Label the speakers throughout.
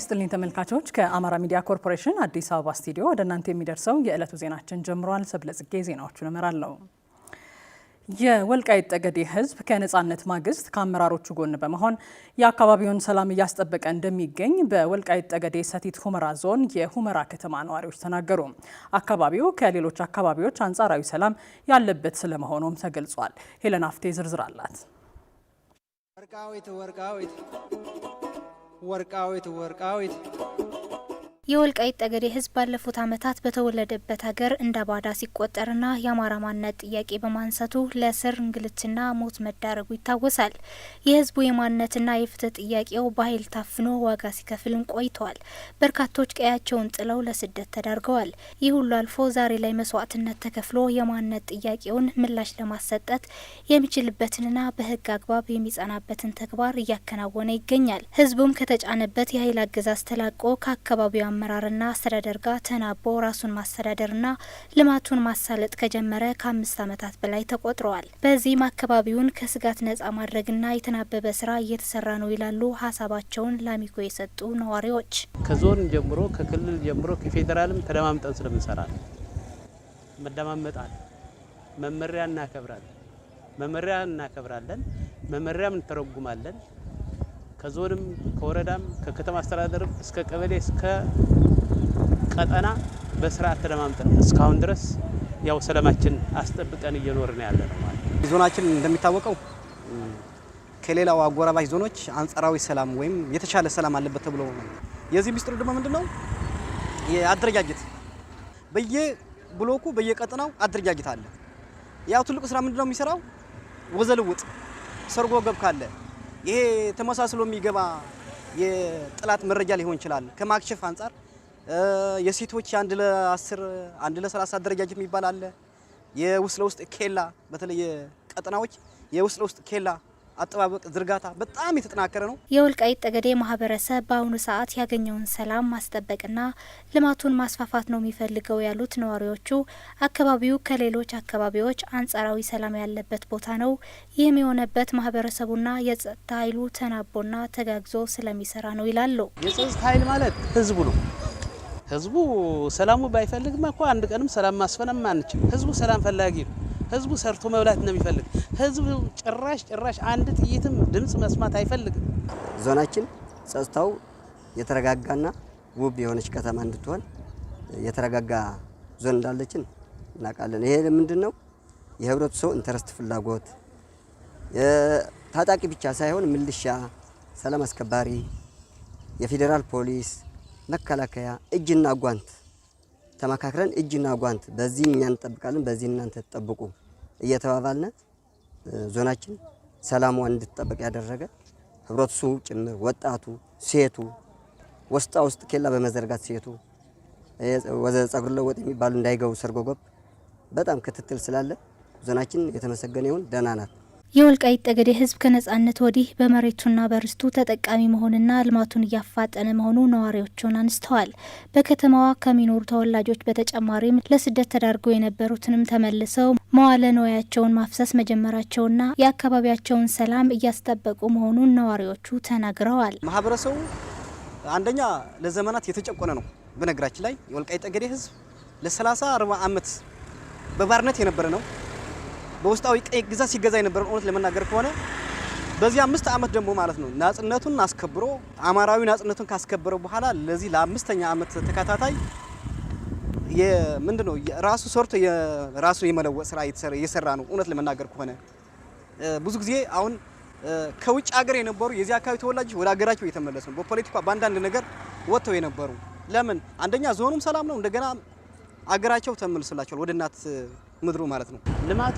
Speaker 1: ይስጥልኝ ተመልካቾች፣ ከአማራ ሚዲያ ኮርፖሬሽን አዲስ አበባ ስቱዲዮ ወደ እናንተ የሚደርሰው የዕለቱ ዜናችን ጀምሯል። ሰብለጽጌ ዜናዎቹን እመራለሁ። የወልቃይት ጠገዴ ሕዝብ ከነጻነት ማግስት ከአመራሮቹ ጎን በመሆን የአካባቢውን ሰላም እያስጠበቀ እንደሚገኝ በወልቃይት ጠገዴ ሰቲት ሁመራ ዞን የሁመራ ከተማ ነዋሪዎች ተናገሩ። አካባቢው ከሌሎች አካባቢዎች አንጻራዊ ሰላም ያለበት ስለመሆኑም ተገልጿል። ሄለን አፍቴ ዝርዝር አላት።
Speaker 2: ወርቃዊት ወርቃዊት የወልቃይት ጠገዴ ህዝብ ባለፉት ዓመታት በተወለደበት ሀገር እንደ ባዳ ሲቆጠርና የአማራ ማንነት ጥያቄ በማንሳቱ ለእስር እንግልትና ሞት መዳረጉ ይታወሳል። የህዝቡ የማንነትና የፍትህ ጥያቄው በኃይል ታፍኖ ዋጋ ሲከፍልም ቆይተዋል። በርካቶች ቀያቸውን ጥለው ለስደት ተዳርገዋል። ይህ ሁሉ አልፎ ዛሬ ላይ መስዋዕትነት ተከፍሎ የማንነት ጥያቄውን ምላሽ ለማሰጠት የሚችልበትንና በህግ አግባብ የሚጸናበትን ተግባር እያከናወነ ይገኛል። ህዝቡም ከተጫነበት የኃይል አገዛዝ ተላቆ ከአካባቢው አመራርና አስተዳደር ጋር ተናቦ ራሱን ማስተዳደርና ልማቱን ማሳለጥ ከጀመረ ከአምስት ዓመታት በላይ ተቆጥረዋል። በዚህም አካባቢውን ከስጋት ነጻ ማድረግና የተናበበ ስራ እየተሰራ ነው ይላሉ ሀሳባቸውን ላሚኮ የሰጡ ነዋሪዎች።
Speaker 3: ከዞን ጀምሮ ከክልል ጀምሮ ከፌዴራልም ተደማምጠን ስለምንሰራ መደማመጣል መመሪያ እናከብራለን መመሪያ እናከብራለን መመሪያም እንተረጉማለን ከዞንም ከወረዳም ከከተማ አስተዳደርም እስከ ቀበሌ እስከ ቀጠና በስርዓት ተለማምጠን እስካሁን ድረስ ያው ሰላማችን አስጠብቀን እየኖርን ያለ ነው ማለት
Speaker 4: ነው። ዞናችን እንደሚታወቀው ከሌላው አጎራባች ዞኖች አንጻራዊ ሰላም ወይም የተሻለ ሰላም አለበት ተብሎ ነው። የዚህ ሚስጥሩ ደግሞ ምንድነው? የአደረጃጀት በየብሎኩ በየቀጠናው አደረጃጀት አለ። ያው ትልቁ ስራ ምንድነው የሚሰራው? ወዘልውጥ ሰርጎ ገብ ካለ ይሄ ተመሳስሎ የሚገባ የጥላት መረጃ ሊሆን ይችላል። ከማክሸፍ አንጻር የሴቶች አንድ ለ10 አንድ ለ30 አደረጃጀት የሚባል አለ። የውስጥ ለውስጥ ኬላ በተለይ ቀጠናዎች የውስጥ ለውስጥ ኬላ አጠባበቅ ዝርጋታ በጣም የተጠናከረ ነው።
Speaker 2: የወልቃይት ጠገዴ ማህበረሰብ በአሁኑ ሰዓት ያገኘውን ሰላም ማስጠበቅና ልማቱን ማስፋፋት ነው የሚፈልገው ያሉት ነዋሪዎቹ፣ አካባቢው ከሌሎች አካባቢዎች አንጻራዊ ሰላም ያለበት ቦታ ነው። ይህም የሆነበት ማህበረሰቡና የጸጥታ ኃይሉ ተናቦና ተጋግዞ ስለሚሰራ ነው ይላሉ።
Speaker 4: የጸጥታ ኃይል ማለት ህዝቡ ነው። ህዝቡ ሰላሙ ባይፈልግም እኮ አንድ ቀንም ሰላም ማስፈን አንችል። ህዝቡ ሰላም ፈላጊ ነው። ህዝቡ ሰርቶ መብላት ነው የሚፈልግ። ህዝቡ ጭራሽ ጭራሽ አንድ ጥይትም ድምፅ መስማት አይፈልግም።
Speaker 5: ዞናችን ጸጥታው የተረጋጋና ውብ የሆነች ከተማ እንድትሆን የተረጋጋ ዞን እንዳለችን እናውቃለን። ይሄ ምንድን ነው? የህብረተሰቡ ኢንተረስት ፍላጎት ታጣቂ ብቻ ሳይሆን ምልሻ፣ ሰላም አስከባሪ፣ የፌዴራል ፖሊስ፣ መከላከያ እጅና ጓንት ተመካክረን እጅና ጓንት በዚህ እኛ እንጠብቃለን፣ በዚህ እናንተ ትጠብቁ እየተባባልነ ዞናችን ሰላሟ እንድትጠበቅ ያደረገ ህብረተሰቡ ጭምር ወጣቱ፣ ሴቱ ወስጣ ውስጥ ኬላ በመዘርጋት ሴቱ ወዘ ጸጉር ለወጥ የሚባሉ እንዳይገቡ ሰርጎ ገብ በጣም ክትትል ስላለ ዞናችን የተመሰገነ ይሁን። ደህና ናት።
Speaker 2: የወልቃይት ጠገዴ ህዝብ ከነጻነት ወዲህ በመሬቱና በርስቱ ተጠቃሚ መሆንና ልማቱን እያፋጠነ መሆኑ ነዋሪዎቹን አንስተዋል። በከተማዋ ከሚኖሩ ተወላጆች በተጨማሪም ለስደት ተዳርገው የነበሩትንም ተመልሰው መዋለ ንዋያቸውን ማፍሰስ መጀመራቸውና የአካባቢያቸውን ሰላም እያስጠበቁ መሆኑን ነዋሪዎቹ ተናግረዋል።
Speaker 4: ማህበረሰቡ አንደኛ ለዘመናት የተጨቆነ ነው። በነገራችን ላይ የወልቃይት ጠገዴ ሕዝብ ለሰላሳ አርባ ዓመት በባርነት የነበረ ነው። በውስጣዊ ቀይ ግዛት ሲገዛ የነበረውን እውነት ለመናገር ከሆነ በዚህ አምስት ዓመት ደግሞ ማለት ነው ናጽነቱን አስከብሮ አማራዊ ናጽነቱን ካስከበረ በኋላ ለዚህ ለአምስተኛ ዓመት ተከታታይ ምንድ ነው ራሱ ሰርቶ ራሱን የመለወጥ ስራ እየሰራ ነው። እውነት ለመናገር ከሆነ ብዙ ጊዜ አሁን ከውጭ ሀገር የነበሩ የዚህ አካባቢ ተወላጆች ወደ ሀገራቸው እየተመለሱ ነው። በፖለቲካ በአንዳንድ ነገር ወጥተው የነበሩ ለምን አንደኛ ዞኑም ሰላም ነው፣ እንደገና አገራቸው ተመልሶላቸዋል ወደ እናት ምድሩ ማለት ነው።
Speaker 3: ልማቱ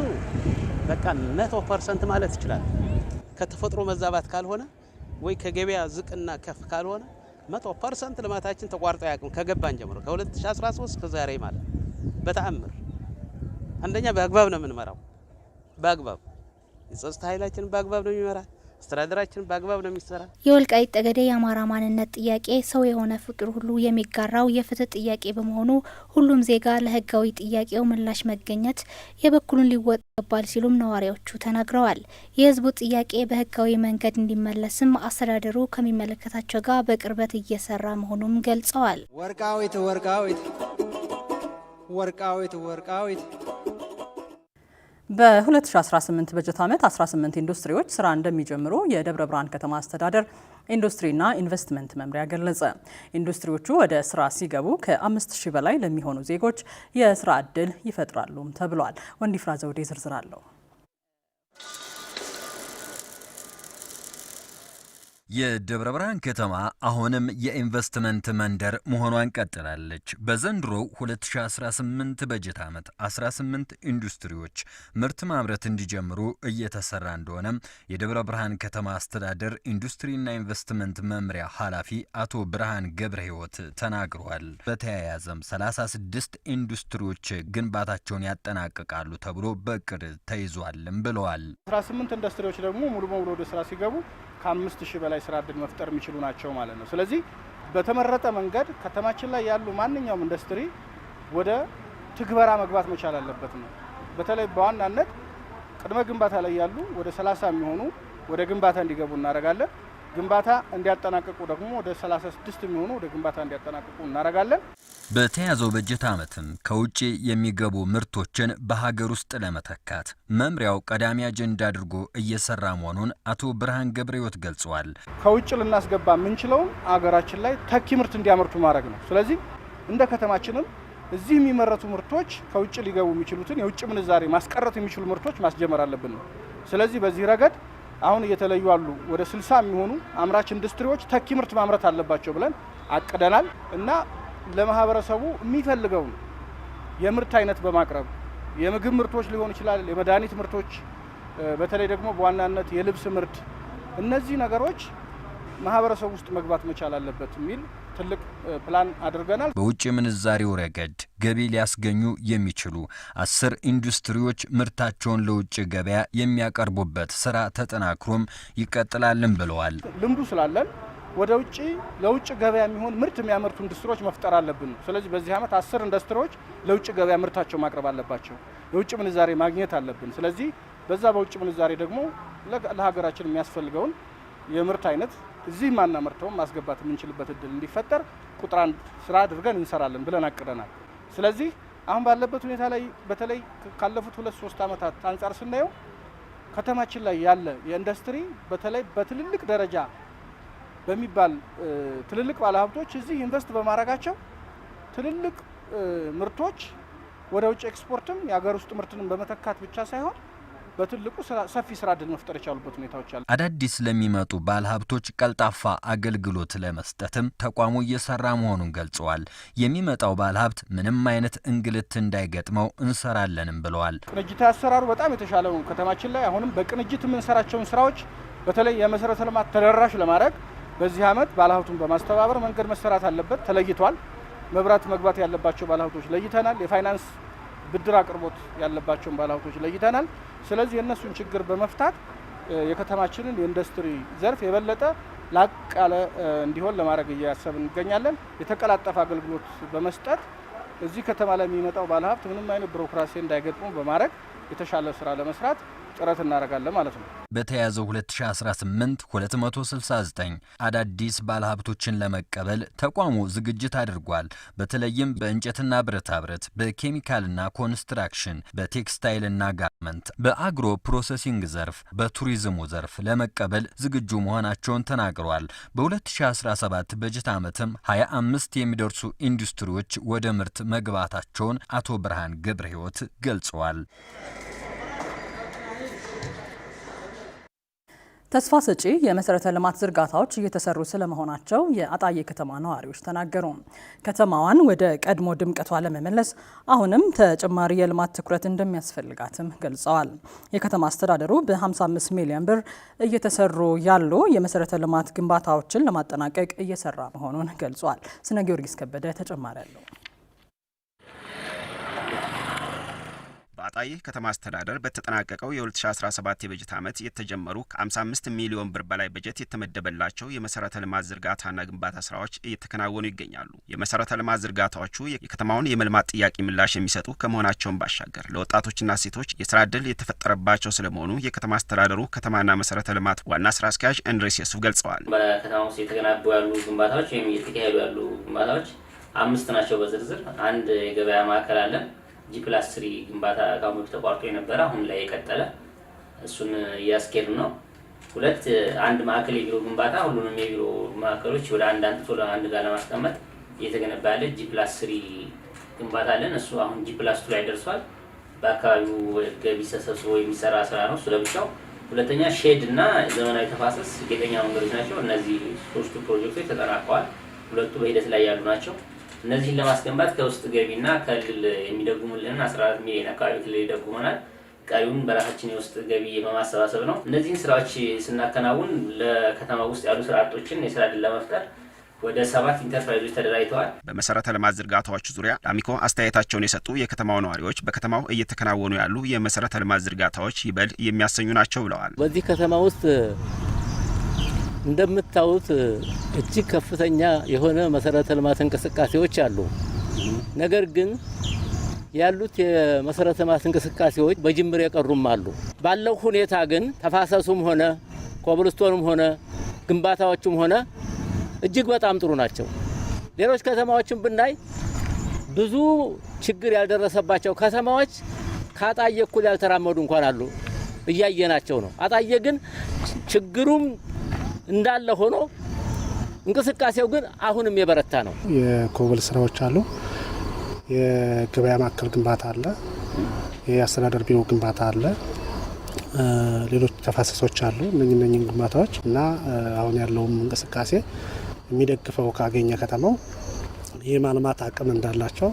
Speaker 3: በቃ መቶ ፐርሰንት ማለት ይችላል። ከተፈጥሮ መዛባት ካልሆነ ወይ ከገበያ ዝቅና ከፍ ካልሆነ መቶ ፐርሰንት ልማታችን ተቋርጦ ያቅም ከገባን ጀምሮ ከ2013 ከዛሬ ማለት በተአምር አንደኛ በአግባብ ነው የምንመራው። በአግባብ የጸጥታ ኃይላችን በአግባብ ነው የሚመራ አስተዳደራችን በአግባብ ነው የሚሰራ።
Speaker 2: የወልቃይት ጠገዴ የአማራ ማንነት ጥያቄ ሰው የሆነ ፍቅር ሁሉ የሚጋራው የፍትህ ጥያቄ በመሆኑ ሁሉም ዜጋ ለሕጋዊ ጥያቄው ምላሽ መገኘት የበኩሉን ሊወጣ ይገባል ሲሉም ነዋሪዎቹ ተናግረዋል። የሕዝቡ ጥያቄ በሕጋዊ መንገድ እንዲመለስም አስተዳደሩ ከሚመለከታቸው ጋር በቅርበት እየሰራ መሆኑም ገልጸዋል። ወርቃዊት ወርቃዊት
Speaker 1: ወርቃዊት ወርቃዊት በ2018 በጀት ዓመት 18 ኢንዱስትሪዎች ስራ እንደሚጀምሩ የደብረ ብርሃን ከተማ አስተዳደር ኢንዱስትሪና ኢንቨስትመንት መምሪያ ገለጸ። ኢንዱስትሪዎቹ ወደ ስራ ሲገቡ ከ5000 በላይ ለሚሆኑ ዜጎች የስራ ዕድል ይፈጥራሉም ተብሏል። ወንዲፍራ ዘውዴ ዝርዝር አለው።
Speaker 6: የደብረ ብርሃን ከተማ አሁንም የኢንቨስትመንት መንደር መሆኗን ቀጥላለች። በዘንድሮ 2018 በጀት ዓመት 18 ኢንዱስትሪዎች ምርት ማምረት እንዲጀምሩ እየተሰራ እንደሆነም የደብረ ብርሃን ከተማ አስተዳደር ኢንዱስትሪና ኢንቨስትመንት መምሪያ ኃላፊ አቶ ብርሃን ገብረ ሕይወት ተናግሯል በተያያዘም 36 ኢንዱስትሪዎች ግንባታቸውን ያጠናቅቃሉ ተብሎ በቅድ ተይዟልም ብለዋል።
Speaker 4: 18 ኢንዱስትሪዎች ደግሞ ሙሉ በሙሉ ወደ ስራ ሲገቡ ከአምስት ሺህ በላይ ስራ እድል መፍጠር የሚችሉ ናቸው ማለት ነው። ስለዚህ በተመረጠ መንገድ ከተማችን ላይ ያሉ ማንኛውም ኢንዱስትሪ ወደ ትግበራ መግባት መቻል አለበት ነው። በተለይ በዋናነት ቅድመ ግንባታ ላይ ያሉ ወደ 30 የሚሆኑ ወደ ግንባታ እንዲገቡ እናደርጋለን። ግንባታ እንዲያጠናቅቁ ደግሞ ወደ 36 የሚሆኑ ወደ ግንባታ እንዲያጠናቅቁ እናደርጋለን።
Speaker 6: በተያዘው በጀት ዓመትም ከውጭ የሚገቡ ምርቶችን በሀገር ውስጥ ለመተካት መምሪያው ቀዳሚ አጀንዳ አድርጎ እየሰራ መሆኑን አቶ ብርሃን ገብረህይወት ገልጸዋል።
Speaker 4: ከውጭ ልናስገባ የምንችለውን አገራችን ላይ ተኪ ምርት እንዲያመርቱ ማድረግ ነው። ስለዚህ እንደ ከተማችንም እዚህ የሚመረቱ ምርቶች ከውጭ ሊገቡ የሚችሉትን የውጭ ምንዛሬ ማስቀረት የሚችሉ ምርቶች ማስጀመር አለብን ነው። ስለዚህ በዚህ ረገድ አሁን እየተለዩ ያሉ ወደ ስልሳ የሚሆኑ አምራች ኢንዱስትሪዎች ተኪ ምርት ማምረት አለባቸው ብለን አቅደናል እና ለማህበረሰቡ የሚፈልገውን የምርት አይነት በማቅረብ የምግብ ምርቶች ሊሆን ይችላል፣ የመድኃኒት ምርቶች፣ በተለይ ደግሞ በዋናነት የልብስ ምርት፣ እነዚህ ነገሮች ማህበረሰቡ ውስጥ መግባት መቻል አለበት የሚል ትልቅ ፕላን አድርገናል።
Speaker 6: በውጭ ምንዛሬው ረገድ ገቢ ሊያስገኙ የሚችሉ አስር ኢንዱስትሪዎች ምርታቸውን ለውጭ ገበያ የሚያቀርቡበት ስራ ተጠናክሮም ይቀጥላልን ብለዋል።
Speaker 4: ልምዱ ስላለን ወደ ውጭ ለውጭ ገበያ የሚሆን ምርት የሚያመርቱ ኢንዱስትሪዎች መፍጠር አለብን። ስለዚህ በዚህ ዓመት አስር ኢንዱስትሪዎች ለውጭ ገበያ ምርታቸው ማቅረብ አለባቸው። የውጭ ምንዛሬ ማግኘት አለብን። ስለዚህ በዛ በውጭ ምንዛሬ ደግሞ ለሀገራችን የሚያስፈልገውን የምርት አይነት እዚህ ማናመርተውን ማስገባት የምንችልበት እድል እንዲፈጠር ቁጥር አንድ ስራ አድርገን እንሰራለን ብለን አቅደናል። ስለዚህ አሁን ባለበት ሁኔታ ላይ በተለይ ካለፉት ሁለት ሶስት ዓመታት አንጻር ስናየው ከተማችን ላይ ያለ የኢንዱስትሪ በተለይ በትልልቅ ደረጃ በሚባል ትልልቅ ባለሀብቶች እዚህ ኢንቨስት በማድረጋቸው ትልልቅ ምርቶች ወደ ውጭ ኤክስፖርትም የሀገር ውስጥ ምርትንም በመተካት ብቻ ሳይሆን በትልቁ ሰፊ ስራ እድል መፍጠር የቻሉበት ሁኔታዎች አሉ።
Speaker 6: አዳዲስ ለሚመጡ ባለሀብቶች ቀልጣፋ አገልግሎት ለመስጠትም ተቋሙ እየሰራ መሆኑን ገልጸዋል። የሚመጣው ባለሀብት ምንም አይነት እንግልት እንዳይገጥመው እንሰራለንም ብለዋል።
Speaker 4: ቅንጅታዊ አሰራሩ በጣም የተሻለ ነው። ከተማችን ላይ አሁንም በቅንጅት የምንሰራቸውን ስራዎች በተለይ የመሰረተ ልማት ተደራሽ ለማድረግ በዚህ አመት ባለሀብቱን በማስተባበር መንገድ መሰራት አለበት፣ ተለይቷል። መብራት መግባት ያለባቸው ባለሀብቶች ለይተናል። የፋይናንስ ብድር አቅርቦት ያለባቸውን ባለሀብቶች ለይተናል። ስለዚህ የእነሱን ችግር በመፍታት የከተማችንን የኢንዱስትሪ ዘርፍ የበለጠ ላቅ ያለ እንዲሆን ለማድረግ እያሰብን እንገኛለን። የተቀላጠፈ አገልግሎት በመስጠት እዚህ ከተማ ላይ የሚመጣው ባለሀብት ምንም አይነት ቢሮክራሲ እንዳይገጥሙ በማድረግ የተሻለ ስራ ለመስራት ጥረት እናደርጋለን ማለት ነው።
Speaker 6: በተያዘው 2018 269 አዳዲስ ባለሀብቶችን ለመቀበል ተቋሙ ዝግጅት አድርጓል። በተለይም በእንጨትና ብረታ ብረት፣ በኬሚካልና ኮንስትራክሽን፣ በቴክስታይልና ጋርመንት፣ በአግሮ ፕሮሰሲንግ ዘርፍ፣ በቱሪዝሙ ዘርፍ ለመቀበል ዝግጁ መሆናቸውን ተናግሯል በ በ2017 በጀት ዓመትም 25 የሚደርሱ ኢንዱስትሪዎች ወደ ምርት መግባታቸውን አቶ ብርሃን ገብረ ህይወት ገልጸዋል።
Speaker 1: ተስፋ ሰጪ የመሰረተ ልማት ዝርጋታዎች እየተሰሩ ስለመሆናቸው የአጣዬ ከተማ ነዋሪዎች ተናገሩ። ከተማዋን ወደ ቀድሞ ድምቀቷ ለመመለስ አሁንም ተጨማሪ የልማት ትኩረት እንደሚያስፈልጋትም ገልጸዋል። የከተማ አስተዳደሩ በ55 ሚሊዮን ብር እየተሰሩ ያሉ የመሰረተ ልማት ግንባታዎችን ለማጠናቀቅ እየሰራ መሆኑን ገልጿል። ስነ ጊዮርጊስ ከበደ ተጨማሪ አለው።
Speaker 6: በአጣዬ ከተማ አስተዳደር በተጠናቀቀው የ2017 የበጀት ዓመት የተጀመሩ ከ55 ሚሊዮን ብር በላይ በጀት የተመደበላቸው የመሰረተ ልማት ዝርጋታና ግንባታ ስራዎች እየተከናወኑ ይገኛሉ። የመሰረተ ልማት ዝርጋታዎቹ የከተማውን የመልማት ጥያቄ ምላሽ የሚሰጡ ከመሆናቸውን ባሻገር ለወጣቶችና ሴቶች የስራ ድል የተፈጠረባቸው ስለመሆኑ የከተማ አስተዳደሩ ከተማና መሰረተ ልማት ዋና ስራ አስኪያጅ እንድሬስ የሱፍ ገልጸዋል።
Speaker 7: በከተማ ውስጥ የተገናቡ ያሉ ግንባታዎች ወይም እየተካሄዱ ያሉ ግንባታዎች አምስት ናቸው በዝርዝር። አንድ የገበያ ማዕከል አለን ጂፕላስ ስሪ ግንባታ ጋሞች ተቋርጦ የነበረ አሁን ላይ የቀጠለ እሱን እያስኬድ ነው። ሁለት አንድ ማዕከል የቢሮ ግንባታ ሁሉንም የቢሮ ማዕከሎች ወደ አንድ አንጥቶ አንድ ጋር ለማስቀመጥ እየተገነባ ያለ ጂፕላስ ስሪ ግንባታ አለን። እሱ አሁን ጂፕላስ ቱ ላይ ደርሷል። በአካባቢው ገቢ ተሰብስቦ የሚሰራ ስራ ነው። እሱ ለብቻው። ሁለተኛ ሼድ እና ዘመናዊ ተፋሰስ ጌጠኛ መንገዶች ናቸው። እነዚህ ሶስቱ ፕሮጀክቶች ተጠናቀዋል። ሁለቱ በሂደት ላይ ያሉ ናቸው። እነዚህን ለማስገንባት ከውስጥ ገቢና ከግል የሚደጉሙልንን 14 ሚሊዮን አካባቢ ክልል ይደጉመናል። ቀሪውን በራሳችን የውስጥ ገቢ በማሰባሰብ ነው። እነዚህን ስራዎች ስናከናውን ለከተማ ውስጥ ያሉ ስራ አጦችን የስራ ዕድል ለመፍጠር ወደ ሰባት ኢንተርፕራይዞች ተደራጅተዋል።
Speaker 6: በመሰረተ ልማት ዝርጋታዎች ዙሪያ ለአሚኮ አስተያየታቸውን የሰጡ የከተማው ነዋሪዎች በከተማው እየተከናወኑ ያሉ የመሰረተ ልማት ዝርጋታዎች ይበል የሚያሰኙ ናቸው ብለዋል።
Speaker 8: በዚህ ከተማ ውስጥ እንደምታዩት እጅግ ከፍተኛ የሆነ መሰረተ ልማት እንቅስቃሴዎች አሉ። ነገር ግን ያሉት የመሰረተ ልማት እንቅስቃሴዎች በጅምር የቀሩም አሉ። ባለው ሁኔታ ግን ተፋሰሱም ሆነ ኮብልስቶንም ሆነ ግንባታዎቹም ሆነ እጅግ በጣም ጥሩ ናቸው። ሌሎች ከተማዎችን ብናይ ብዙ ችግር ያልደረሰባቸው ከተማዎች ከአጣዬ እኩል ያልተራመዱ እንኳን አሉ፣ እያየናቸው ነው። አጣዬ ግን ችግሩም እንዳለ ሆኖ እንቅስቃሴው ግን አሁንም የበረታ ነው።
Speaker 9: የኮብል ስራዎች አሉ። የገበያ ማዕከል ግንባታ አለ። የአስተዳደር ቢሮ ግንባታ አለ። ሌሎች ተፋሰሶች አሉ። እነኝ እነኝን ግንባታዎች እና አሁን ያለውም እንቅስቃሴ የሚደግፈው ካገኘ ከተማው የማልማት አቅም እንዳላቸው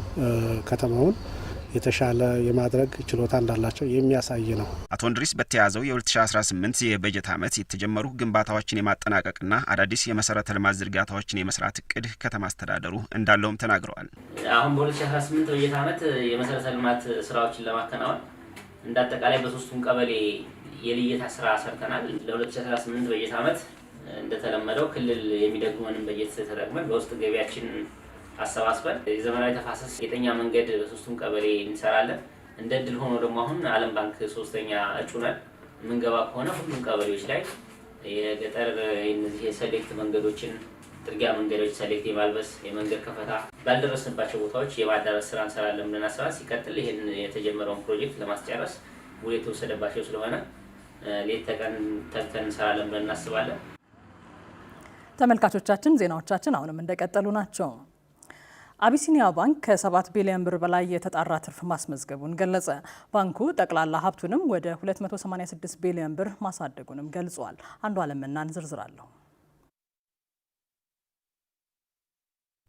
Speaker 9: ከተማውን የተሻለ የማድረግ ችሎታ እንዳላቸው የሚያሳይ ነው።
Speaker 6: አቶ እንድሪስ በተያዘው የ2018 የበጀት ዓመት የተጀመሩ ግንባታዎችን የማጠናቀቅና አዳዲስ የመሰረተ ልማት ዝርጋታዎችን የመስራት እቅድ ከተማ አስተዳደሩ እንዳለውም ተናግረዋል።
Speaker 7: አሁን በ2018 በጀት ዓመት የመሰረተ ልማት ስራዎችን ለማከናወን እንደ አጠቃላይ በሶስቱም ቀበሌ የልየታ ስራ ሰርተናል። ለ2018 በጀት ዓመት እንደተለመደው ክልል የሚደግመንም በጀት ተጠቅመን በውስጥ ገቢያችን አሰባስበን የዘመናዊ ተፋሰስ የጠኛ መንገድ ሶስቱም ቀበሌ እንሰራለን። እንደ ድል ሆኖ ደግሞ አሁን ዓለም ባንክ ሶስተኛ እጩ ነን። የምንገባ ከሆነ ሁሉም ቀበሌዎች ላይ የገጠር እነዚህ የሰሌክት መንገዶችን ጥርጊያ መንገዶች ሰሌክት የማልበስ የመንገድ ከፈታ ባልደረስንባቸው ቦታዎች የማዳረስ ስራ እንሰራለን ብለን አስበን ሲቀጥል ይህን የተጀመረውን ፕሮጀክት ለማስጨረስ ውል የተወሰደባቸው ስለሆነ ሌት ተቀን ተግተን እንሰራለን ብለን እናስባለን።
Speaker 1: ተመልካቾቻችን ዜናዎቻችን አሁንም እንደቀጠሉ ናቸው። አቢሲኒያ ባንክ ከ7 ቢሊዮን ብር በላይ የተጣራ ትርፍ ማስመዝገቡን ገለጸ። ባንኩ ጠቅላላ ሀብቱንም ወደ 286 ቢሊዮን ብር ማሳደጉንም ገልጿል። አንዱ አለምናን ዝርዝር አለሁ።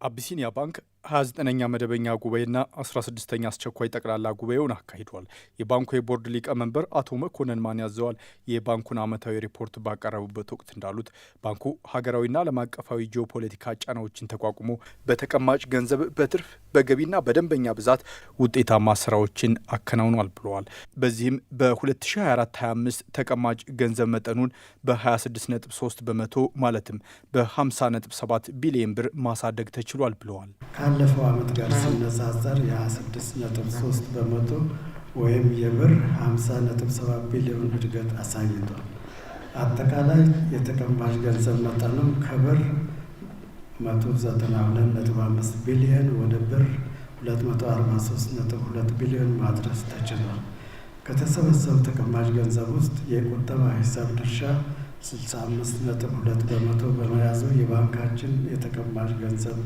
Speaker 10: አቢሲኒያ ባንክ 29ኛ መደበኛ ጉባኤና 16ኛ አስቸኳይ ጠቅላላ ጉባኤውን አካሂዷል። የባንኩ የቦርድ ሊቀመንበር አቶ መኮንን ማን ያዘዋል የባንኩን ዓመታዊ ሪፖርት ባቀረቡበት ወቅት እንዳሉት ባንኩ ሀገራዊና ዓለም አቀፋዊ ጂኦፖለቲካ ጫናዎችን ተቋቁሞ በተቀማጭ ገንዘብ፣ በትርፍ በገቢና በደንበኛ ብዛት ውጤታማ ስራዎችን አከናውኗል ብለዋል። በዚህም በ2024/25 ተቀማጭ ገንዘብ መጠኑን በ26.3 በመቶ ማለትም በ50.7 ቢሊዮን ብር ማሳደግ ተችሏል ብለዋል።
Speaker 11: ካለፈው ዓመት ጋር ሲነጻጸር የ 3 በመቶ ወይም የብር 7 ቢሊዮን እድገት አሳይቷል። አጠቃላይ የተቀማጭ ገንዘብ መጠኑም ከብር 192.5 ቢሊዮን ወደ ብር 243.2 ቢሊዮን ማድረስ ተችሏል። ከተሰበሰቡ ተቀማጭ ገንዘብ ውስጥ የቁጠባ ሂሳብ ድርሻ 65.2 በመቶ በመያዙ የባንካችን የተቀማጭ ገንዘብ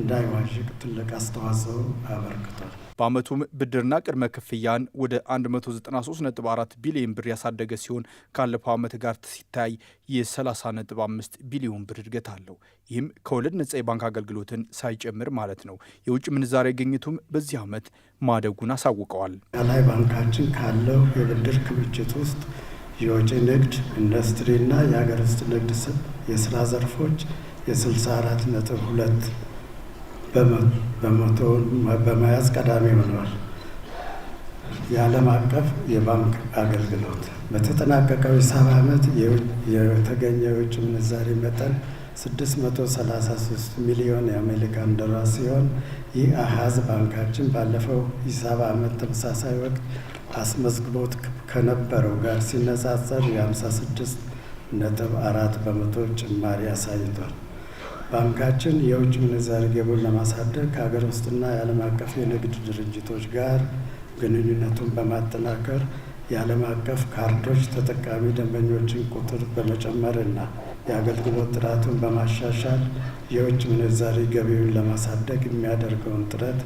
Speaker 11: እንዳይዋዥቅ ትልቅ አስተዋጽኦ አበርክቷል።
Speaker 10: በአመቱም ብድርና ቅድመ ክፍያን ወደ 193.4 ቢሊዮን ብር ያሳደገ ሲሆን ካለፈው ዓመት ጋር ሲታይ የ30.5 ቢሊዮን ብር እድገት አለው። ይህም ከወለድ ነጻ የባንክ አገልግሎትን ሳይጨምር ማለት ነው። የውጭ ምንዛሬ ግኝቱም በዚህ ዓመት ማደጉን አሳውቀዋል።
Speaker 11: ከላይ ባንካችን ካለው የብድር ክምችት ውስጥ የውጭ ንግድ፣ ኢንዱስትሪና የሀገር ውስጥ ንግድ የስራ ዘርፎች የ64.2 በመያዝ ቀዳሚ ሆነዋል። የዓለም አቀፍ የባንክ አገልግሎት በተጠናቀቀው ሂሳብ ዓመት የተገኘ የውጭ ምንዛሪ መጠን 633 ሚሊዮን የአሜሪካን ዶላር ሲሆን ይህ አሃዝ ባንካችን ባለፈው ሂሳብ ዓመት ተመሳሳይ ወቅት አስመዝግቦት ከነበረው ጋር ሲነጻጸር የ56 ነጥብ አራት በመቶ ጭማሪ አሳይቷል። ባንካችን የውጭ ምንዛሪ ገቡን ለማሳደግ ከሀገር ውስጥና የዓለም አቀፍ የንግድ ድርጅቶች ጋር ግንኙነቱን በማጠናከር የዓለም አቀፍ ካርዶች ተጠቃሚ ደንበኞችን ቁጥር በመጨመርና የአገልግሎት ጥራቱን በማሻሻል የውጭ ምንዛሪ ገቢውን ለማሳደግ የሚያደርገውን ጥረት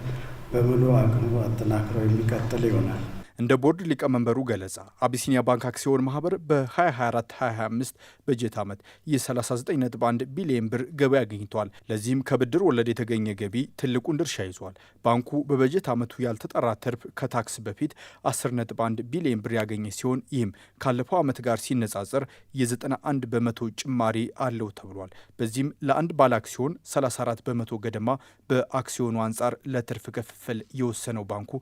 Speaker 11: በሙሉ አቅሙ አጠናክሮ የሚቀጥል ይሆናል።
Speaker 10: እንደ ቦርድ ሊቀመንበሩ ገለጻ አቢሲኒያ ባንክ አክሲዮን ማህበር በ2024/25 በጀት ዓመት የ39.1 ቢሊዮን ብር ገቢ አግኝቷል። ለዚህም ከብድር ወለድ የተገኘ ገቢ ትልቁን ድርሻ ይዟል። ባንኩ በበጀት ዓመቱ ያልተጠራ ትርፍ ከታክስ በፊት 10.1 ቢሊዮን ብር ያገኘ ሲሆን ይህም ካለፈው ዓመት ጋር ሲነጻጸር የ91 በመቶ ጭማሪ አለው ተብሏል። በዚህም ለአንድ ባለ አክሲዮን 34 በመቶ ገደማ በአክሲዮኑ አንጻር ለትርፍ ክፍፍል የወሰነው ባንኩ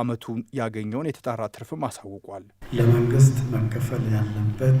Speaker 10: ዓመቱን ያገኘውን የተጣራ ትርፍም አሳውቋል።
Speaker 11: ለመንግስት መከፈል ያለበት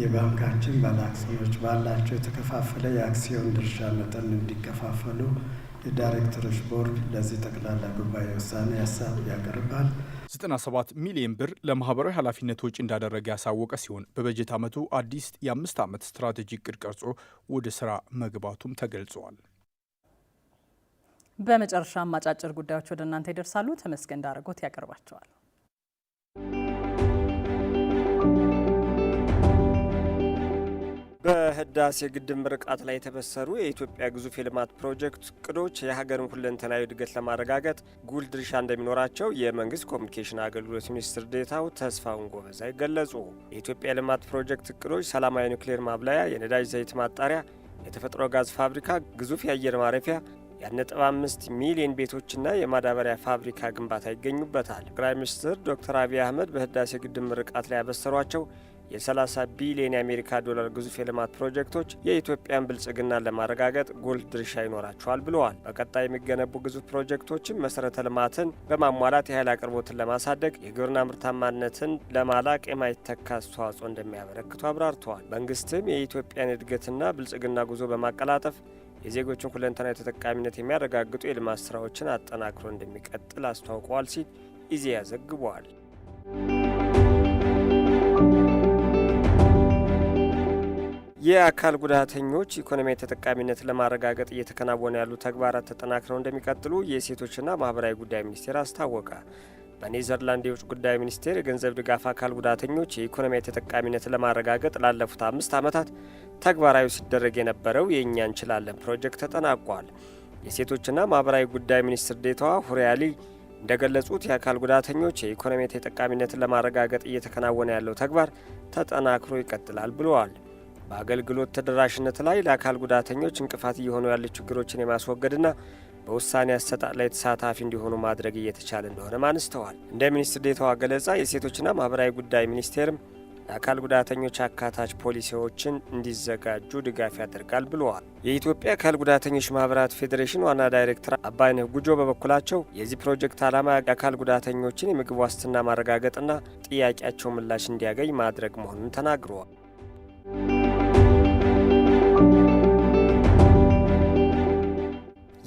Speaker 11: የባንካችን ባለአክሲዮኖች ባላቸው የተከፋፈለ የአክሲዮን ድርሻ መጠን እንዲከፋፈሉ የዳይሬክተሮች ቦርድ ለዚህ ጠቅላላ ጉባኤ ውሳኔ ሀሳብ ያቀርባል።
Speaker 10: 97 ሚሊዮን ብር ለማህበራዊ ኃላፊነት ወጪ እንዳደረገ ያሳወቀ ሲሆን በበጀት ዓመቱ አዲስ የአምስት ዓመት ስትራቴጂ እቅድ ቀርጾ ወደ ስራ መግባቱም ተገልጿል።
Speaker 1: በመጨረሻም አጫጭር ጉዳዮች ወደ እናንተ ይደርሳሉ። ተመስገን ዳረጎት ያቀርባቸዋል።
Speaker 12: በህዳሴ ግድብ ምርቃት ላይ የተበሰሩ የኢትዮጵያ ግዙፍ የልማት ፕሮጀክት እቅዶች የሀገርን ሁለንተናዊ እድገት ለማረጋገጥ ጉል ድርሻ እንደሚኖራቸው የመንግስት ኮሚኒኬሽን አገልግሎት ሚኒስትር ዴታው ተስፋውን ጎበዛይ ገለጹ። የኢትዮጵያ የልማት ፕሮጀክት እቅዶች ሰላማዊ ኒውክሌር ማብላያ፣ የነዳጅ ዘይት ማጣሪያ፣ የተፈጥሮ ጋዝ ፋብሪካ፣ ግዙፍ የአየር ማረፊያ የ1.5 ሚሊዮን ቤቶችና የማዳበሪያ ፋብሪካ ግንባታ ይገኙበታል። ጠቅላይ ሚኒስትር ዶክተር አብይ አህመድ በህዳሴ ግድብ ምርቃት ላይ ያበሰሯቸው የ30 ቢሊዮን የአሜሪካ ዶላር ግዙፍ የልማት ፕሮጀክቶች የኢትዮጵያን ብልጽግና ለማረጋገጥ ጉልህ ድርሻ ይኖራቸዋል ብለዋል። በቀጣይ የሚገነቡ ግዙፍ ፕሮጀክቶችም መሰረተ ልማትን በማሟላት የኃይል አቅርቦትን ለማሳደግ፣ የግብርና ምርታማነትን ለማላቅ የማይተካ አስተዋጽኦ እንደሚያበረክቱ አብራርተዋል። መንግስትም የኢትዮጵያን እድገትና ብልጽግና ጉዞ በማቀላጠፍ የዜጎችን ሁለንተናዊ ተጠቃሚነት የሚያረጋግጡ የልማት ስራዎችን አጠናክሮ እንደሚቀጥል አስታውቀዋል ሲል ኢዜአ ዘግቧል። የአካል ጉዳተኞች ኢኮኖሚያዊ ተጠቃሚነት ለማረጋገጥ እየተከናወኑ ያሉ ተግባራት ተጠናክረው እንደሚቀጥሉ የሴቶችና ማህበራዊ ጉዳይ ሚኒስቴር አስታወቀ። በኔዘርላንድ የውጭ ጉዳይ ሚኒስቴር የገንዘብ ድጋፍ አካል ጉዳተኞች የኢኮኖሚያዊ ተጠቃሚነት ለማረጋገጥ ላለፉት አምስት ዓመታት ተግባራዊ ሲደረግ የነበረው የእኛ እንችላለን ፕሮጀክት ተጠናቋል። የሴቶችና ማህበራዊ ጉዳይ ሚኒስትር ዴታዋ ሁሪያሊ እንደገለጹት የአካል ጉዳተኞች የኢኮኖሚያዊ ተጠቃሚነትን ለማረጋገጥ እየተከናወነ ያለው ተግባር ተጠናክሮ ይቀጥላል ብለዋል። በአገልግሎት ተደራሽነት ላይ ለአካል ጉዳተኞች እንቅፋት እየሆኑ ያሉ ችግሮችን የማስወገድና በውሳኔ አሰጣጥ ላይ ተሳታፊ እንዲሆኑ ማድረግ እየተቻለ እንደሆነም አንስተዋል። እንደ ሚኒስትር ዴታዋ ገለጻ የሴቶችና ማህበራዊ ጉዳይ ሚኒስቴርም ለአካል ጉዳተኞች አካታች ፖሊሲዎችን እንዲዘጋጁ ድጋፍ ያደርጋል ብለዋል። የኢትዮጵያ አካል ጉዳተኞች ማህበራት ፌዴሬሽን ዋና ዳይሬክተር አባይነህ ጉጆ በበኩላቸው የዚህ ፕሮጀክት ዓላማ የአካል ጉዳተኞችን የምግብ ዋስትና ማረጋገጥና ጥያቄያቸው ምላሽ እንዲያገኝ ማድረግ መሆኑን ተናግረዋል።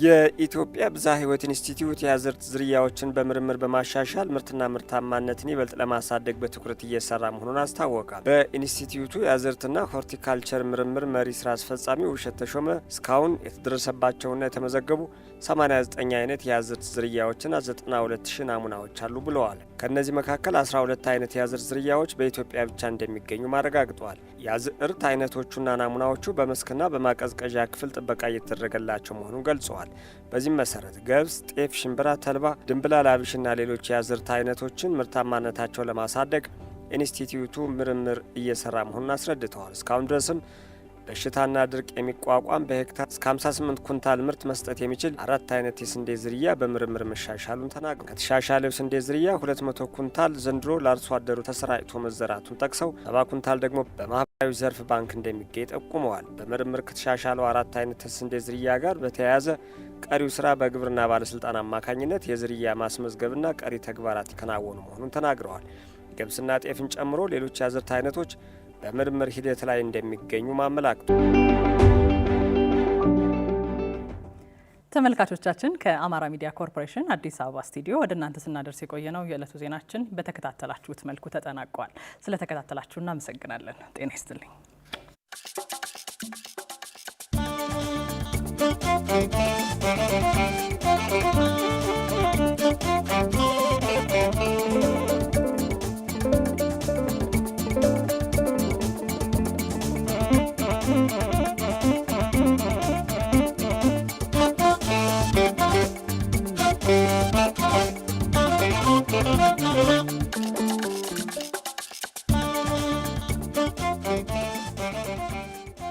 Speaker 12: የኢትዮጵያ ብዝሃ ሕይወት ኢንስቲትዩት የአዝርት ዝርያዎችን በምርምር በማሻሻል ምርትና ምርታማነትን ይበልጥ ለማሳደግ በትኩረት እየሰራ መሆኑን አስታወቀ። በኢንስቲትዩቱ የአዝርትና ሆርቲካልቸር ምርምር መሪ ስራ አስፈጻሚ ውብሸት ተሾመ እስካሁን የተደረሰባቸውና የተመዘገቡ 89 አይነት የአዝርት ዝርያዎችና 92 ሺህ ናሙናዎች አሉ ብለዋል። ከእነዚህ መካከል 12 አይነት የአዝርት ዝርያዎች በኢትዮጵያ ብቻ እንደሚገኙ ማረጋግጠዋል። የአዝርት አይነቶቹና ናሙናዎቹ በመስክና በማቀዝቀዣ ክፍል ጥበቃ እየተደረገላቸው መሆኑን ገልጸዋል። በዚህም መሰረት ገብስ፣ ጤፍ፣ ሽምብራ፣ ተልባ፣ ድንብላል፣ አብሽና ሌሎች የአዝርት አይነቶችን ምርታማነታቸው ለማሳደግ ኢንስቲትዩቱ ምርምር እየሰራ መሆኑን አስረድተዋል። እስካሁን ድረስም በሽታና ድርቅ የሚቋቋም በሄክታር እስከ 58 ኩንታል ምርት መስጠት የሚችል አራት አይነት የስንዴ ዝርያ በምርምር መሻሻሉን ተናግረው ከተሻሻለው ስንዴ ዝርያ 200 ኩንታል ዘንድሮ ለአርሶ አደሩ ተሰራጭቶ መዘራቱን ጠቅሰው ሰባ ኩንታል ደግሞ በማህበራዊ ዘርፍ ባንክ እንደሚገኝ ጠቁመዋል። በምርምር ከተሻሻለው አራት አይነት ስንዴ ዝርያ ጋር በተያያዘ ቀሪው ስራ በግብርና ባለስልጣን አማካኝነት የዝርያ ማስመዝገብና ቀሪ ተግባራት ይከናወኑ መሆኑን ተናግረዋል። ገብስና ጤፍን ጨምሮ ሌሎች የአዝርዕት አይነቶች በምርምር ሂደት ላይ እንደሚገኙ ማመላክቱ
Speaker 1: ተመልካቾቻችን ከአማራ ሚዲያ ኮርፖሬሽን አዲስ አበባ ስቱዲዮ ወደ እናንተ ስናደርስ የቆየ ነው የዕለቱ ዜናችን በተከታተላችሁት መልኩ ተጠናቋል። ስለተከታተላችሁ እናመሰግናለን። ጤና ይስጥልኝ።